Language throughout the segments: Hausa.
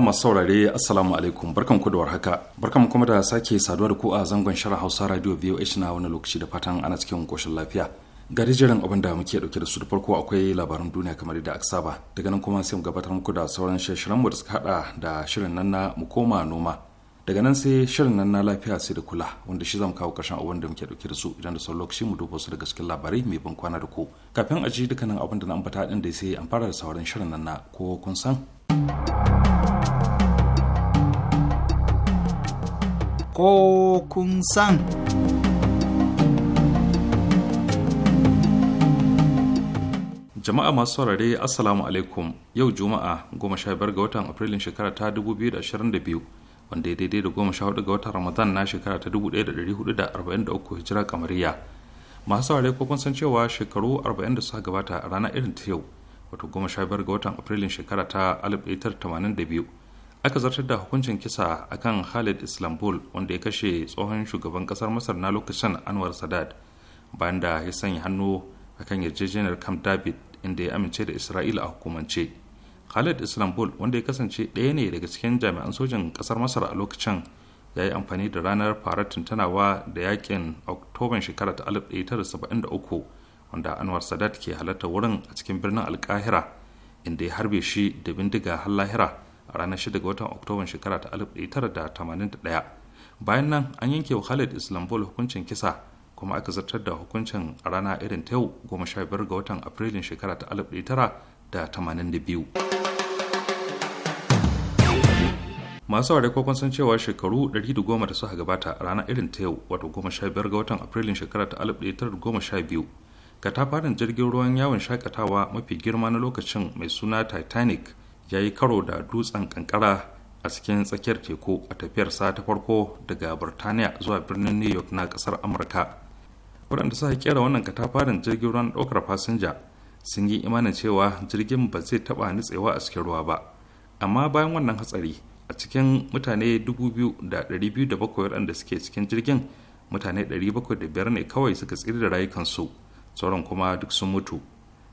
masu saurare assalamu alaikum barkan ku da warhaka barkan kuma da sake saduwa da ku a zangon shara hausa radio voh na wani lokaci da fatan ana cikin koshin lafiya ga jiran abin da muke dauke da su da farko akwai labaran duniya kamar yadda aka saba daga nan kuma sai mu gabatar muku da sauran shirin da suka hada da shirin nan na mu koma noma daga nan sai shirin nan na lafiya sai da kula wanda shi zamu kawo karshen abin da muke dauke da su idan da sauran lokaci mu dubo su daga cikin labarai mai ban kwana da ku kafin a ji dukkanin abin da na ambata din da sai an fara da sauran shirin nan na ko kun san ko kun san. Jama'a masu saurare Assalamu alaikum yau Juma'a goma sha biyar ga watan Afrilun shekara ta biyu wanda ya daidai da goma sha hudu ga watan Ramadan na shekara ta dubu da da da hudu arba'in uku hijira kamariya. Masu saurare ko kun san cewa shekaru arba'in da suka gabata a rana irin ta yau wato goma sha biyar ga watan Afrilun shekara ta alif tamanin da biyu. aka zartar da hukuncin kisa akan khalid islambul wanda ya kashe tsohon shugaban kasar masar na lokacin anwar sadat bayan da ya sanya hannu akan yarjejeniyar camp david inda ya amince da isra'ila a hukumance khalid islambul wanda ya kasance ɗaya ne daga cikin jami'an sojin kasar masar a lokacin ya yi amfani da ranar farar tuntunawa da yakin oktoban shekara ta 1973 wanda anwar sadat ke halarta wurin a cikin birnin alkahira inda ya harbe shi da bindiga har lahira a ranar 6 ga watan oktoban shekara ta 1981 bayan nan an yanke wa khalid islambol hukuncin kisa kuma aka zartar da hukuncin a rana irin ta yau 15 ga watan afrilun shekara ta 1982 masu ware kokon sun cewa shekaru 110 da suka gabata rana irin ta yau wato 15 ga watan afrilun shekara ta 1912 katafarin jirgin ruwan yawon shakatawa mafi girma na lokacin mai suna titanic ya yi karo da dutsen kankara a cikin tsakiyar teku a tafiyar sa ta farko daga birtaniya zuwa birnin new york na kasar amurka waɗanda suka kera wannan katafarin jirgin ruwan ɗaukar fasinja sun yi imanin cewa jirgin ba zai taɓa nutsewa a cikin ruwa ba amma bayan wannan hatsari a cikin mutane 2,207 waɗanda suke cikin jirgin mutane 705 ne kawai suka tsiri da rayukansu sauran kuma duk sun mutu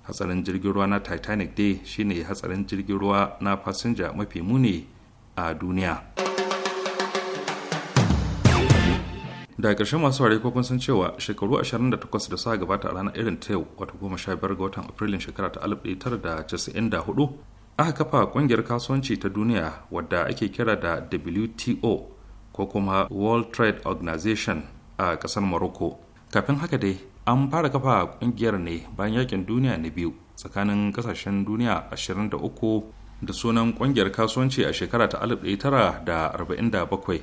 hatsarin jirgin ruwa na titanic dai shine hatsarin jirgin ruwa na fasinja mafi muni a duniya da ƙarshen masu ware kokon sun cewa shekaru 28 da suka gabata a ranar irin ta yau sha 15 ga watan afrilun shekara ta hudu aka kafa ƙungiyar kasuwanci ta duniya wadda ake kira da wto ko kuma world trade organization a ƙasar morocco kafin haka dai an fara kafa kungiyar ne bayan yakin duniya na biyu tsakanin kasashen duniya 23 da sunan kungiyar kasuwanci a shekara ta 1947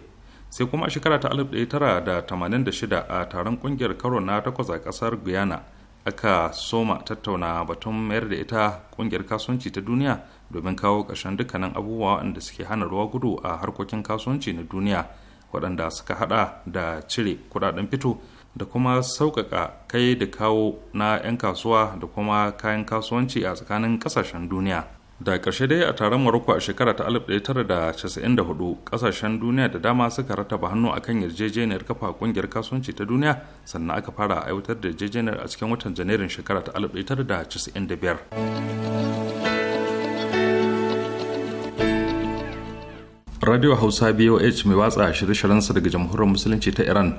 sai kuma a shekara ta 1986 a taron kungiyar karo na takwas a kasar guyana aka soma tattauna batun mayar da ita kungiyar kasuwanci ta duniya domin kawo ƙarshen dukkanin abubuwa waɗanda suke hana ruwa gudu a harkokin kasuwanci na duniya waɗanda suka hada da cire kudaden fito da kuma sauƙaƙa kai da kawo na 'yan kasuwa da kuma kayan kasuwanci a tsakanin ƙasashen duniya da ƙarshe dai a taron Morocco a shekara ta 1994 ƙasashen duniya da dama suka rataba hannu a kan yarjejeniyar kafa ƙungiyar kasuwanci ta duniya sannan aka fara aiwatar da yarjejeniyar a cikin watan janairun shekara ta 1995 Radio Hausa BOH mai watsa shirye-shiryensa daga Jamhuriyar Musulunci ta Iran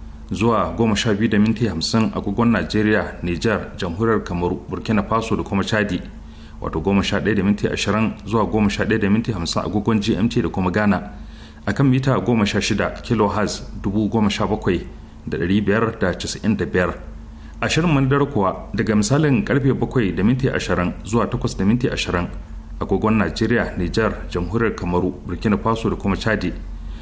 zuwa goma sha biyu da minti agogon najeriya nijar jamhuriyar kamaru burkina faso da kuma chadi wato goma sha ɗaya da zuwa goma sha ɗaya agogon gmt da kuma ghana akan mita goma sha shida kilohertz dubu goma sha bakwai da biyar da da biyar ashirin mandar kuwa daga misalin karfe bakwai da minti ashirin zuwa takwas da minti ashirin agogon najeriya nijar jamhuriyar kamaru burkina faso da kuma chadi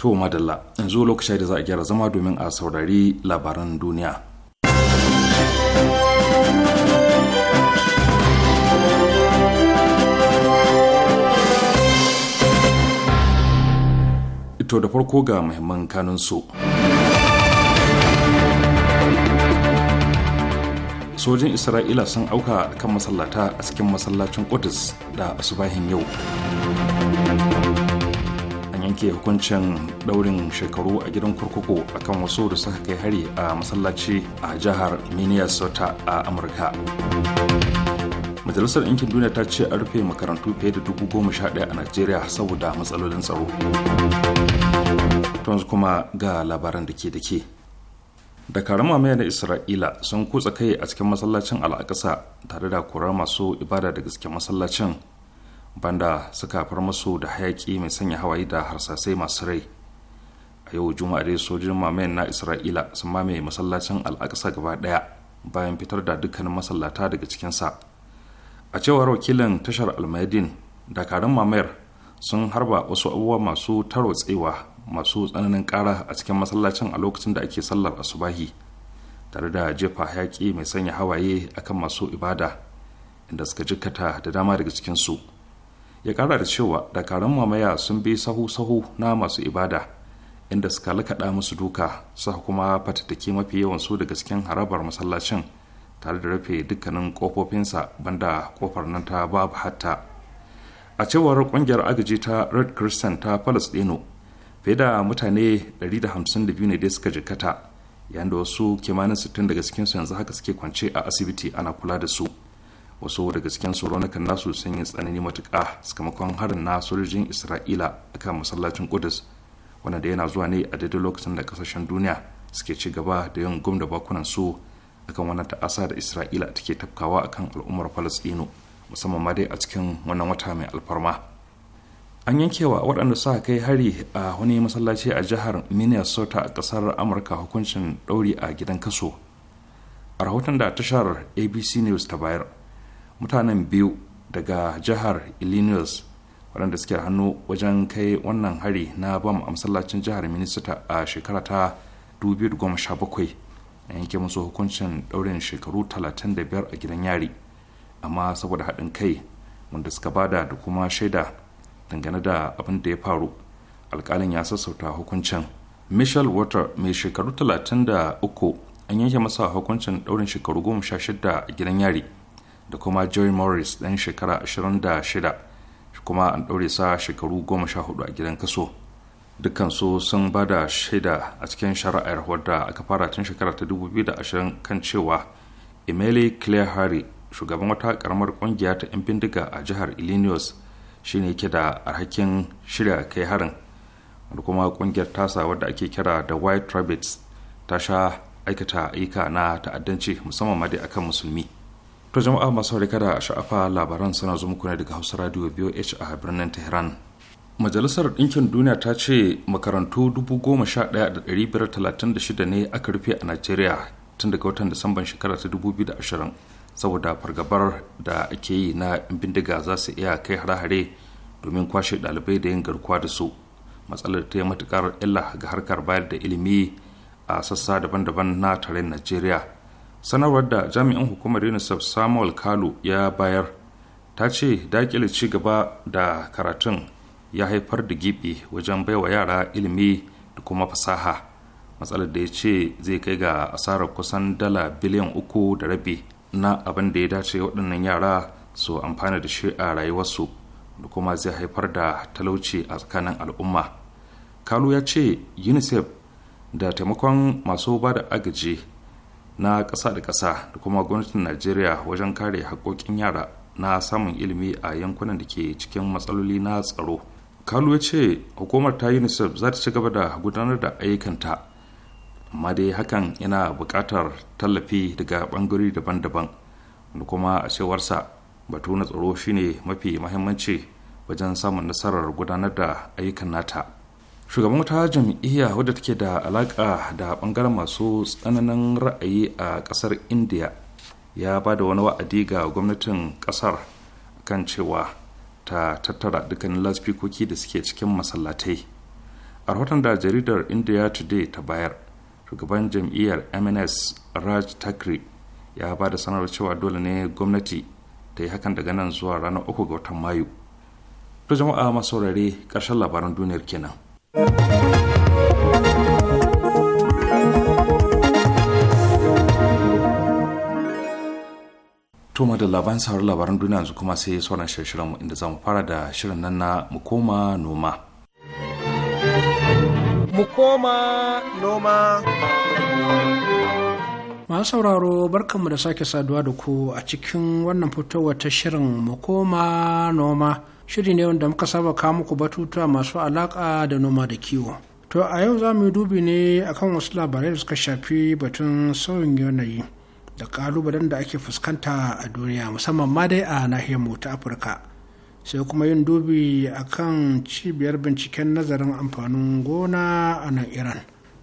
To madalla yanzu lokacin da za a gyara zama domin a saurari labaran duniya. Ito da farko ga muhimman kanunsu. Sojin Isra'ila sun auka kan masallata a cikin masallacin Qudus da asubahin yau. yanke hukuncin daurin shekaru a gidan kurkuku akan wasu da suka kai hari a masallaci a jihar minnesota a amurka majalisar ɗinkin duniya ta ce a rufe makarantu fiye da dubu goma sha ɗaya a najeriya saboda matsalolin tsaro tons kuma ga labaran da ke da ke Da dakarun mamaya na isra'ila sun kutsa kai a cikin masallacin al'akasa tare da kurar masu ibada da gaske masallacin banda suka far musu da hayaki mai sanya hawaye da harsasai masu rai a yau juma'a dai sojojin mamayen na isra'ila sun mamaye masallacin al'aqsa gaba daya bayan fitar da dukkanin masallata daga cikinsa a cewar wakilin tashar almadin dakarun mamayar sun harba wasu abubuwa masu tarotsewa masu tsananin kara a cikin masallacin a lokacin da ake sallar asubahi tare da jefa hayaki mai sanya hawaye akan masu ibada inda suka jikkata da dama daga cikinsu su ya kara da cewa dakarun mamaya sun bi sahu-sahu na masu ibada inda suka lakaɗa musu duka sa kuma fatattaki mafi yawan su daga cikin harabar masallacin tare da rufe dukkanin kofofinsa banda kofar nan ta babu hatta a cewar kungiyar agaji ta red christian ta palestino fiye da mutane 152 ne dai suka jikata yayin da wasu kimanin 60 daga cikinsu yanzu haka suke kwance a asibiti ana kula da su wasu daga cikin raunukan nasu sun yi tsanani matuƙa sakamakon harin na sojojin isra'ila kan masallacin kudus wanda da yana zuwa ne a daidai lokacin da kasashen duniya suke ci gaba da yin gum da bakunan su kan wannan ta'asa da isra'ila take tafkawa kan al'ummar falasɗinu musamman ma dai a cikin wannan wata mai alfarma an yankewa waɗanda sa kai hari a wani masallaci a jihar minnesota a ƙasar amurka hukuncin ɗauri a gidan kaso a rahoton da tashar abc news ta bayar mutanen biyu daga jihar illinois waɗanda suke hannu wajen kai wannan hari na bam a masallacin jihar minista a shekara ta 2017 a yanke musu hukuncin ɗaurin shekaru 35 a gidan yari amma saboda haɗin kai wanda suka bada da kuma shaida dangane da abin da ya faru alƙalin ya sassauta hukuncin michel water mai shekaru 33 an yanke masa hukuncin ɗaurin shekaru 16 a gidan yari da kuma joy morris ɗan shekara 26 kuma an ɗaure sa shekaru 14 a gidan kaso dukansu sun ba da shaida a cikin shari'ar wadda aka fara tun shekara ta 2020 kan cewa emily claire harry shugaban wata karamar kungiya ta 'yan bindiga a jihar illinois shine yake da alhakin shirya kai harin da kuma kungiyar tasa wadda ake kira da white rabbits ta sha aikata aika na ta'addanci musamman ma dai akan musulmi to jama'a masu kada a sha'afa labaran suna zo muku ne daga hausa radio voh a birnin tehran majalisar ɗinkin duniya ta ce makarantu 11,536 ne aka rufe a najeriya tun daga watan disamban shekara ta 2020 saboda fargabar da ake yi na bindiga za su iya kai hare-hare domin kwashe ɗalibai da yin garkuwa da su matsalar ta yi matukar illa ga harkar bayar da ilimi a sassa daban-daban na tarayyar najeriya sanarwar da jami'in hukumar unicef samuel kalu ya bayar ta ce dakile ci gaba da karatun ya haifar da gibi wajen baiwa yara ilimi da kuma fasaha matsalar da ya ce zai kai ga asarar kusan dala biliyan uku da rabi na abin da ya dace waɗannan yara su amfana da shi a rayuwarsu da kuma zai haifar da talauci a tsakanin al'umma kalu ya ce unicef da taimakon masu ba da agaji na ƙasa da ƙasa da kuma gwamnatin najeriya wajen kare haƙoƙin yara na samun ilimi a yankunan da ke cikin matsaloli na tsaro kalu ya ce hukumar ta unicef za ta ci gaba da gudanar da ayyukanta amma dai hakan yana buƙatar tallafi daga ɓangare daban-daban da kuma a cewarsa batu na tsaro shine mafi mahimmanci wajen samun nasarar gudanar da ayyukan nata. shugaban wata jam'iyya wadda take da alaka da bangaren masu tsananin ra'ayi a kasar india ya ba da wani wa'adi ga gwamnatin kasar kan cewa ta tattara dukkanin lasfikoki da suke cikin masallatai a rahoton da jaridar india today ta bayar shugaban jam'iyyar mns raj takri ya ba da sanarwar cewa dole ne gwamnati ta yi hakan daga nan zuwa ranar uku ga watan mayu to jama'a masaurare ƙarshen labaran duniyar kenan Tuma da labaran sauran labaran duniya yanzu kuma sai sauran shirin inda zamu fara da shirin nan na mukoma noma. Mukoma noma. Masu sauraro barkanmu da sake saduwa da ku a cikin wannan fitowar ta shirin mukoma noma. shiri ne wanda muka saba kawo muku batutuwa masu alaƙa da noma da kiwo. To a yau za mu yi dubi ne akan wasu labarai da suka shafi batun sauyin yanayi da ƙalubalen da ake fuskanta a duniya musamman ma dai a mu ta Afirka. Sai kuma yin dubi akan cibiyar binciken nazarin amfanin gona a nan Iran.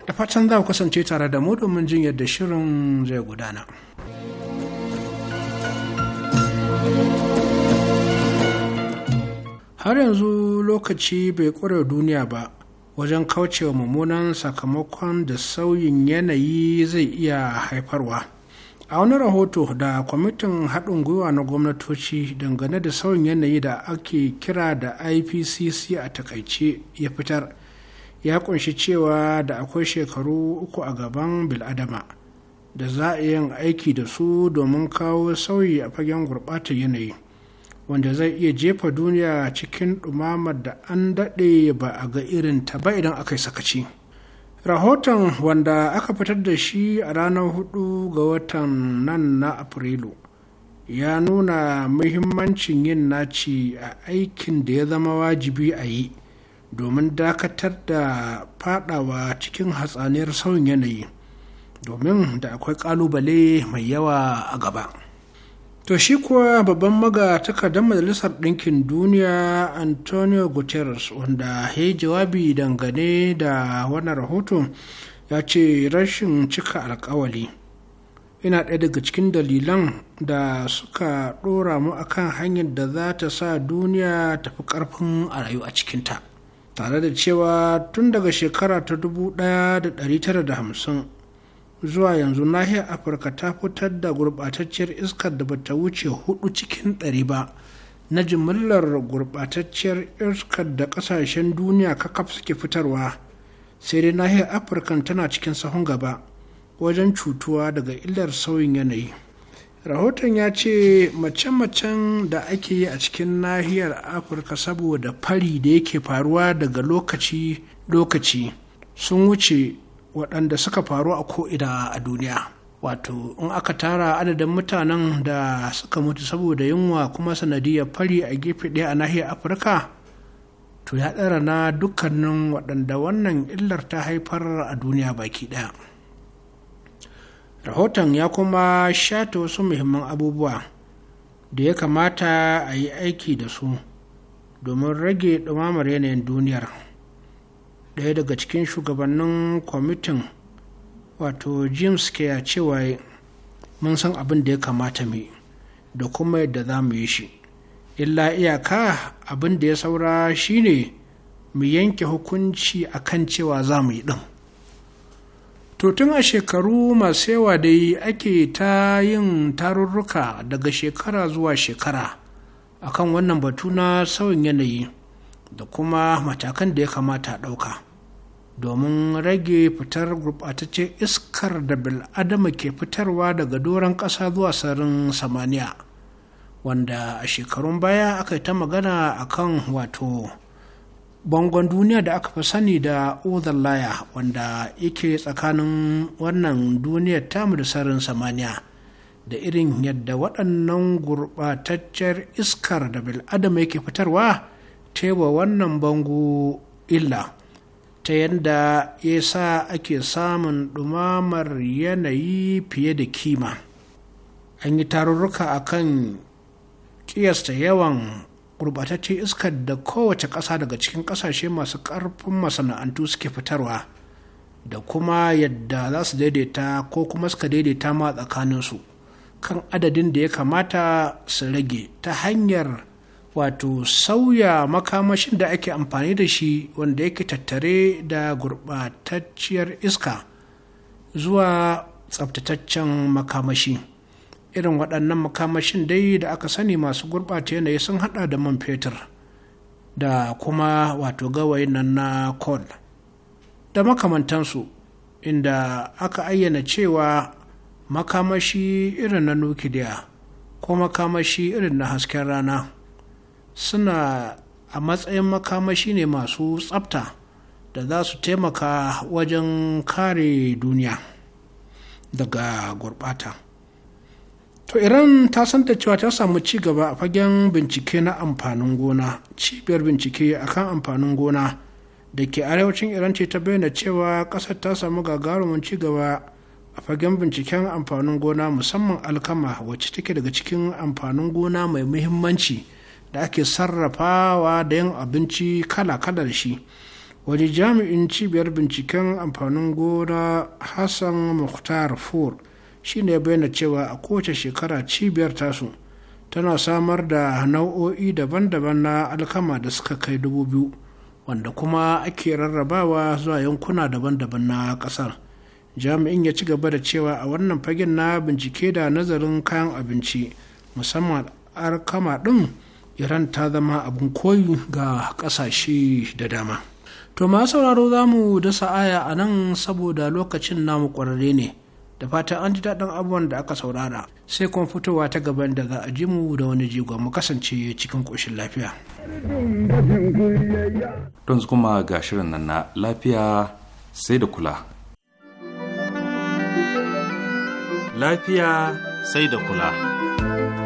Da fatan za ku kasance tare da mu domin jin yadda shirin zai gudana. thank you har yanzu lokaci bai ƙure duniya ba wajen kaucewa mummunan sakamakon da sauyin yanayi zai iya haifarwa a wani rahoto da kwamitin haɗin gwiwa na gwamnatoci dangane da sauyin yanayi da ake kira da ipcc a takaice ya fitar ya kunshi cewa da akwai shekaru uku a gaban biladama da za a yin aiki da su domin kawo sauyi a fagen gurɓatar yanayi wanda zai iya jefa duniya cikin ɗumamar da an daɗe ba a ga irin ta ba idan aka yi sakaci rahoton wanda aka fitar da shi a ranar hudu ga watan nan na afrilu ya nuna muhimmancin yin naci a aikin da ya zama wajibi a yi domin dakatar da fadawa cikin hatsaniyar sauyin yanayi domin da akwai kalubale mai yawa a gaba. to shi kuwa babban maga takardar majalisar ɗinkin duniya antonio guterres wanda ya yi jawabi dangane da wannan rahoton ya ce rashin cika alkawali yana ɗaya daga cikin dalilan da suka ɗora mu kan hanyar da za ta sa duniya tafi ƙarfin a rayu a cikinta tare da cewa tun daga shekara ta 1950 zuwa yanzu nahiyar afirka ta fitar da gurɓatacciyar iskar da bata wuce hudu cikin ɗari ba na jimillar gurɓatacciyar iskar da ƙasashen duniya kakaf suke fitarwa sai dai nahiyar afirka tana cikin sahun gaba wajen cutuwa daga illar sauyin yanayi rahoton ya ce mace-macen da ake yi a cikin nahiyar afirka saboda fari da yake faruwa daga lokaci-lokaci sun wuce waɗanda suka faru a ko'ina a duniya wato in aka tara adadin mutanen da suka mutu saboda yunwa kuma sanadiyar fari a gefe ɗaya a nahiyar afirka to ya ɗara na dukkanin waɗanda wannan illar ta haifar a duniya baki ɗaya rahoton ya kuma shata wasu muhimman abubuwa da ya kamata a yi aiki da su domin rage ɗumamar yanayin duniyar ɗaya daga cikin shugabannin kwamitin wato james ya cewa mun san abin da ya kamata mu da kuma yadda za mu yi shi illa iyaka abin da ya saura shine mu yanke hukunci a kan cewa za mu yi ɗin to tun a shekaru masu yawa da yi ake ta yin tarurruka daga shekara zuwa shekara akan wannan batu na sauyin yanayi da kuma matakan da ya kamata a ɗauka domin rage fitar gurɓataccen iskar da bil'adama ke fitarwa daga doron ƙasa zuwa sararin samaniya wanda a shekarun baya aka yi ta magana a kan wato bangon duniya da aka fi sani da laya wanda yake tsakanin wannan duniyar tamu da sarin samaniya da irin yadda waɗannan gurɓataccen iskar da bil'adama yake fitarwa tewa wannan bango illa ta yadda ya sa ake samun ɗumamar yanayi fiye da kima an yi tarurruka a kan ƙiyasta yawan gurɓataccen iskar da kowace ƙasa daga cikin ƙasashe masu ƙarfin masana'antu suke fitarwa da kuma yadda za su daidaita ko kuma suka daidaita ma tsakaninsu kan adadin da ya kamata su rage ta hanyar wato sauya makamashin da ake amfani da shi wanda yake tattare da gurɓatacciyar iska zuwa tsabtataccen makamashi irin waɗannan makamashin dai da aka sani masu gurɓata yanayi sun haɗa da man fetur da kuma wato gawayi nan na kol da makamantansu inda aka ayyana cewa makamashi irin na nukiliya ko makamashi irin na hasken rana suna a matsayin makamashi ne masu tsafta da za su taimaka wajen kare duniya daga gurbata to iran ta san da cewa ta samu ci gaba a fagen bincike na amfanin gona cibiyar bincike akan amfanin gona da ke arewacin iran ce ta bayyana cewa kasar ta samu gagarumin ci gaba a fagen binciken amfanin gona musamman alkama wacce take daga cikin amfanin gona mai muhimmanci da ake sarrafawa da yin abinci kala-kala da shi waje jami'in cibiyar binciken amfanin gona hassan mukhtar fur shine bayyana cewa a kowace shekara cibiyar tasu tana samar da nau'o'i daban-daban na alkama da suka kai dubu biyu wanda kuma ake rarrabawa zuwa yankuna daban-daban na kasar jami'in ya ci gaba da cewa a wannan fagen na bincike da nazarin kayan abinci musamman alkama ɗin iran ta zama abin koyi ga ƙasashe da dama to ma sauraro za mu dasa aya a nan saboda lokacin namu ƙwararre ne da fatan an ji daɗin abubuwan da aka saurara sai kuma fitowa ta gaban da za a ji mu da wani jigo mu kasance cikin ƙoshin lafiya. Don kuma ga shirin nan na lafiya sai da kula. Lafiya sai da kula.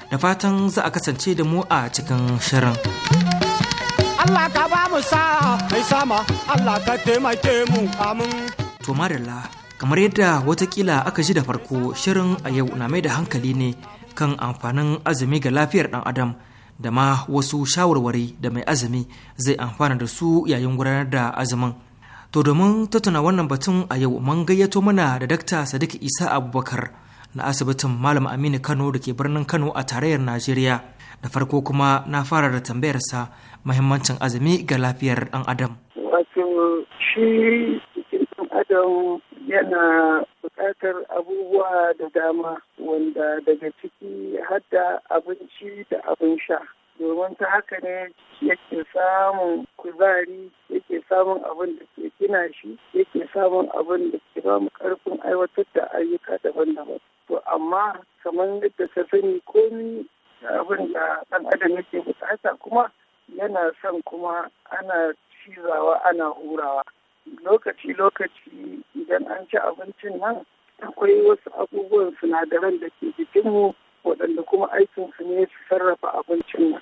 da fatan za a kasance da mu a cikin shirin. Allah ka ba mu mai sama Allah ka taimake mu amin. To marilla kamar yadda watakila aka ji da farko shirin a yau na mai da hankali ne kan amfanin azumi ga lafiyar ɗan adam da ma wasu shawarwari da mai azumi zai amfana da su yayin gudanar da azumin. To domin tattauna wannan batun a yau mun gayyato mana da Dakta Sadiq Isa Abubakar na asibitin Malam Aminu Kano da ke birnin Kano a tarayyar Najeriya. Da farko kuma na fara da tambayarsa muhimmancin azumi ga lafiyar ɗan adam. Wato shi ɗan adam yana buƙatar abubuwa da dama wanda daga ciki hadda abinci da abin sha. domin ta haka ne yake samun kuzari yake samun abin da ke gina shi yake samun abin da ke ba mu karfin aiwatar da ayyuka daban-daban to amma kamar yadda ta sani komi abin da ɗan adam yake buƙata kuma yana son kuma ana cizawa ana hurawa lokaci-lokaci idan an ci abincin nan akwai wasu abubuwan sinadaran da ke jikinmu waɗanda kuma aikinsu ne su sarrafa abincin nan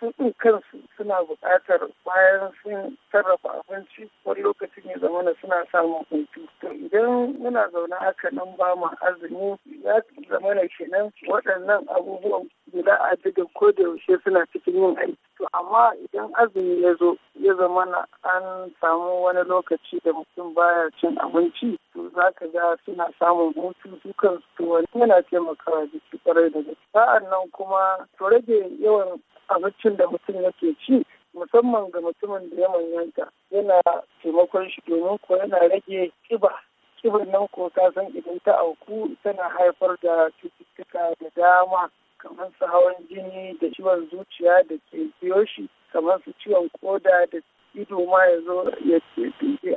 su ɗin kansu suna buƙatar bayan sun sarrafa abinci wani lokacin ya zamana suna samun hutu to idan muna zaune haka nan ba mu azumi ya zama na kenan waɗannan abubuwan guda a da ko da yaushe suna cikin yin aiki to amma idan azumi ya zo ya zama na an samu wani lokaci da mutum baya cin abinci to za ka ga suna samun hutu su to wani yana taimakawa jiki kwarai da gaske sa'an nan kuma to rage yawan abincin da mutum yake ci musamman ga mutumin da ya manyanta yana taimakon shi domin ko yana rage kiba kibar nan ko ta san idan ta auku tana haifar da cututtuka da dama kamar su hawan jini da ciwon zuciya da ke biyo shi kamar su ciwon koda da ido ma ya zo ya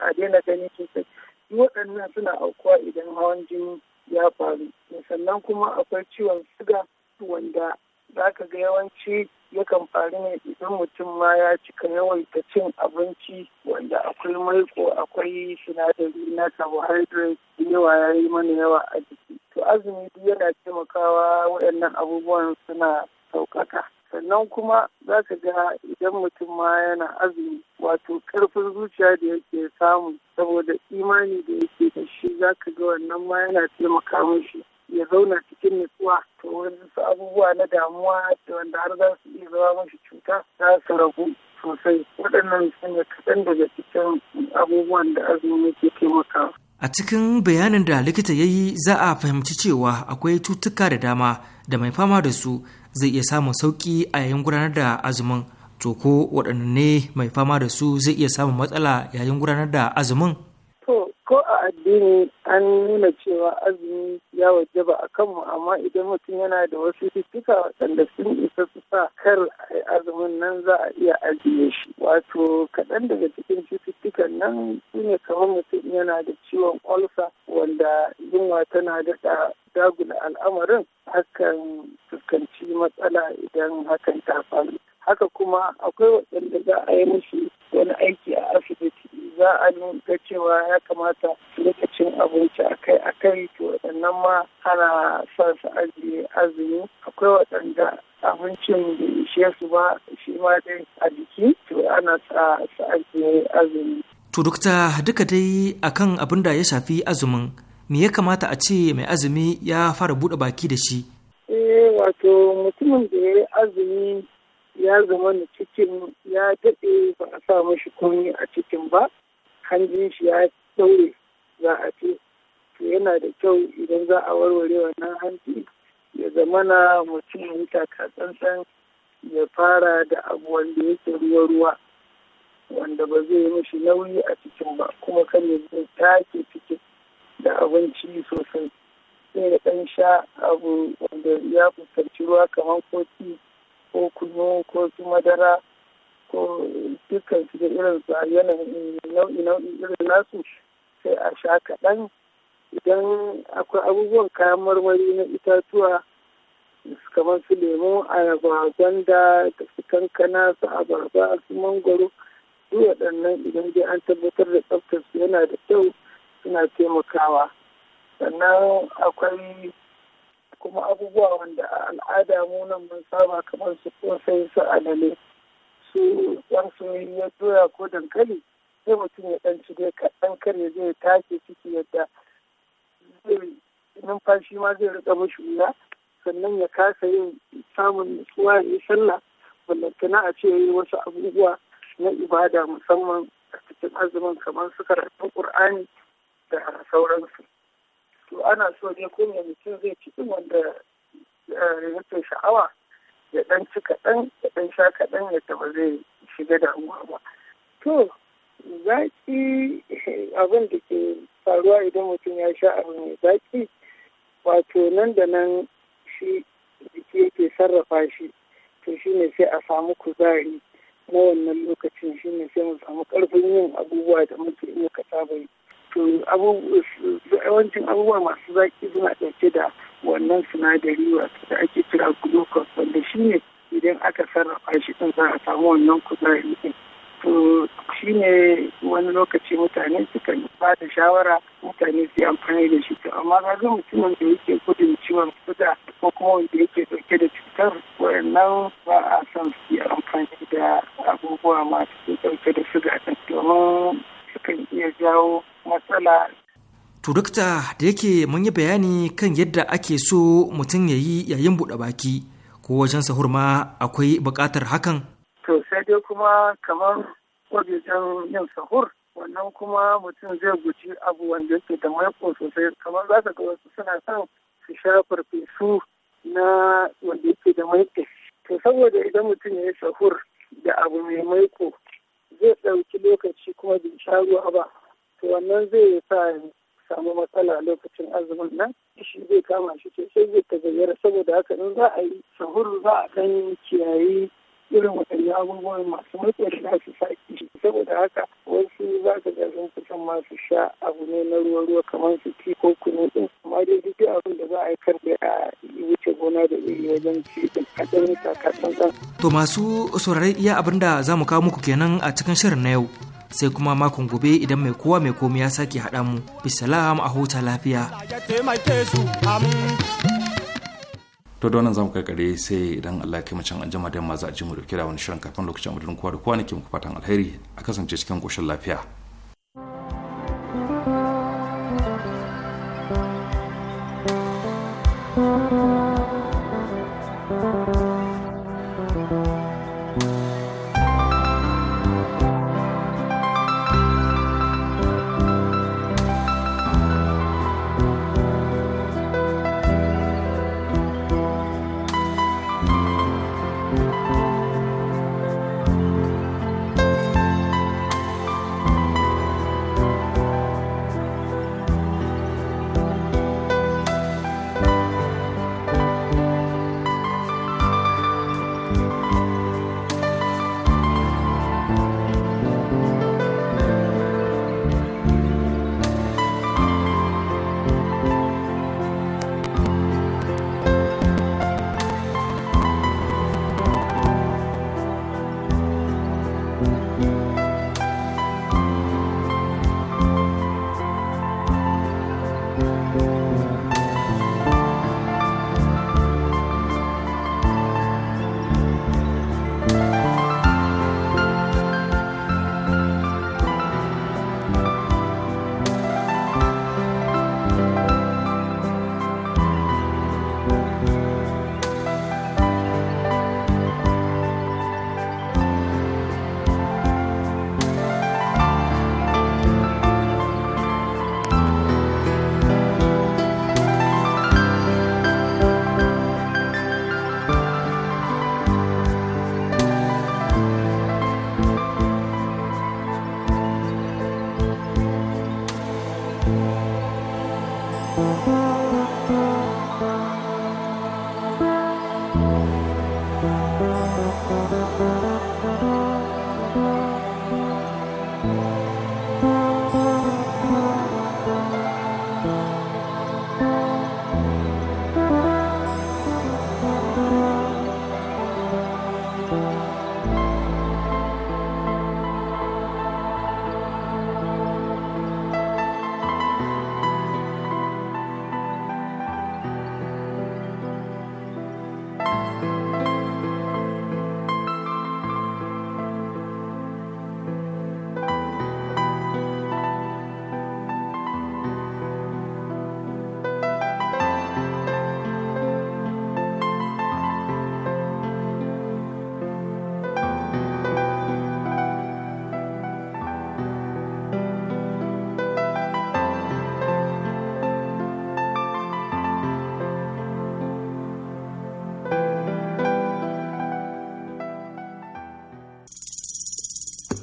a daina gani sosai waɗannan suna aukuwa idan hawan jini ya faru sannan kuma akwai ciwon suga wanda za ka ga yawanci yakan faru ne idan mutum ma ya cika yawaita cin abinci wanda akwai maiko akwai sinadari na carbohydrate yawa ya yi mana yawa a jiki to azumi duk yana taimakawa waɗannan abubuwan suna sauƙaƙa sannan kuma za ka ga idan mutum ma yana azumi wato karfin zuciya da yake samu saboda imani da yake da shi za ka ga wannan ma yana taimaka mishi ya zauna cikin nutsuwa to wasu abubuwa na damuwa da wanda har za su iya zama mashi cuta za su ragu sosai waɗannan su kaɗan daga cikin abubuwan da azumi ke taimakawa. A cikin bayanin da likita ya yi za a fahimci cewa akwai cutuka da dama da mai fama da su zai iya samun sauƙi a yayin gudanar da azumin to ko waɗanne mai fama da su zai iya samun matsala yayin gudanar da azumin a addini an nuna cewa azumi ya wajaba a kanmu amma idan mutum yana da wasu cututtuka waɗanda sun isa su sa kar azumin nan za a iya ajiye shi wato kaɗan daga cikin cututtukan nan su ne kamar mutum yana da ciwon olsa wanda yunwa tana daɗa dagula al'amarin hakan fuskanci matsala idan hakan ta faru haka kuma akwai waɗanda za a yi musu wani aiki a asibiti za a ga cewa ya kamata rika cin abinci akai akai to waɗannan ma ana son su ajiye azumi akwai waɗanda abincin da ishe su ba shi ma dai a jiki to ana sa su ajiye azumi. To dukta duka dai akan abin da ya shafi azumin me ya kamata a ce mai azumi ya fara buɗe baki da shi? Eh wato mutumin da ya azumi ya zama na cikin ya daɗe ba a sa mashi komi a cikin ba hanjin shi ya daure za a ce to yana da kyau idan za a warware wannan hanji ya zama na mutum ya yi tsantsan ya fara da abu wanda yake ruwa-ruwa wanda ba zai yi mishi nauyi a cikin ba kuma kan ya zai take cikin da abinci sosai sai da ɗan sha abu wanda ya fuskanci ruwa kamar kofi ko kunu ko su madara ko dukkan cikin irin su yanayin nau'i nau'i irin nasu sai a sha kaɗan idan akwai abubuwan kayan marmari na itatuwa kamar su lemu ayaba gwanda da su kankana su abarba su mangwaro duk waɗannan idan dai an tabbatar da tsaftar su yana da kyau suna taimakawa sannan akwai kuma abubuwa wanda al'ada mu nan mun saba kamar su kosai su alale su yan ya doya ko dankali sai mutum ya dan ci dai kaɗan kar ya zai take ciki yadda zai numfashi ma zai rika mashi wuya sannan ya kasa yin samun nutsuwa ya yi sallah na a ce ya yi wasu abubuwa na ibada musamman a cikin azumin kamar su karatun ƙur'ani da sauransu to ana so ne ko mutum zai ci wanda eh, yake sha'awa ya dan ci kaɗan ya dan sha kaɗan ya ba zai shiga da damuwa ba to zaki abin da ke faruwa idan mutum ya sha abu mai zaki wato nan da nan shi jiki yake sarrafa shi to shi ne sai a samu kuzari na wannan lokacin shi ne sai mu samu karfin yin abubuwa da muke muka saba yi to abubuwa masu zaki suna ɗauke da wannan sinadari wato da ake kira glucose wanda shi ne idan aka sarrafa shi ɗin za a samu wannan kuzari ɗin to shi ne wani lokaci mutane suka ba da shawara mutane su yi amfani da shi to amma ga kaga mutumin da yake gudun ciwon suga ko kuma wanda yake dauke da cutar wayannan ba a son su yi amfani da abubuwa masu dauke da suga domin sukan iya jawo matsala To dukta da yake mun yi bayani kan yadda ake so mutum ya yi yayin buɗe baki ko wajen sahur akwai buƙatar hakan? To sai dai kuma kamar wajen yin sahur wannan kuma mutum zai guji abu wanda yake da maiko sosai kamar za ka ga wasu suna son su sha farfesu na wanda yake da maiko. To saboda idan mutum ya yi sahur da abu mai maiko zai ɗauki lokaci kuma bai sha ruwa ba to wannan zai sa samu matsala lokacin azumin nan shi zai kama shi sosai zai tagayyara saboda haka in za a yi sahur za a kan kiyayi irin waɗannan abubuwan masu matsayi da su saki saboda haka wasu za ka ga sun kusan masu sha abu ne na ruwa ruwa kamar su ti ko kunu din amma dai duk abin da za a yi karɓe a wuce gona da iri wajen ci din kaɗan kaɗan to masu saurare iya abin da za mu kawo muku kenan a cikin shirin na yau sai kuma makon gobe idan mai kowa mai komi ya sake haɗa mu bisalam a huta lafiya to da wannan zamu kare sai idan Allah ya can an anjima da yamma za a ji mu dauke da wani shirin kafin lokacin amurin kowa da kowa nake muku fatan alheri a kasance cikin koshin lafiya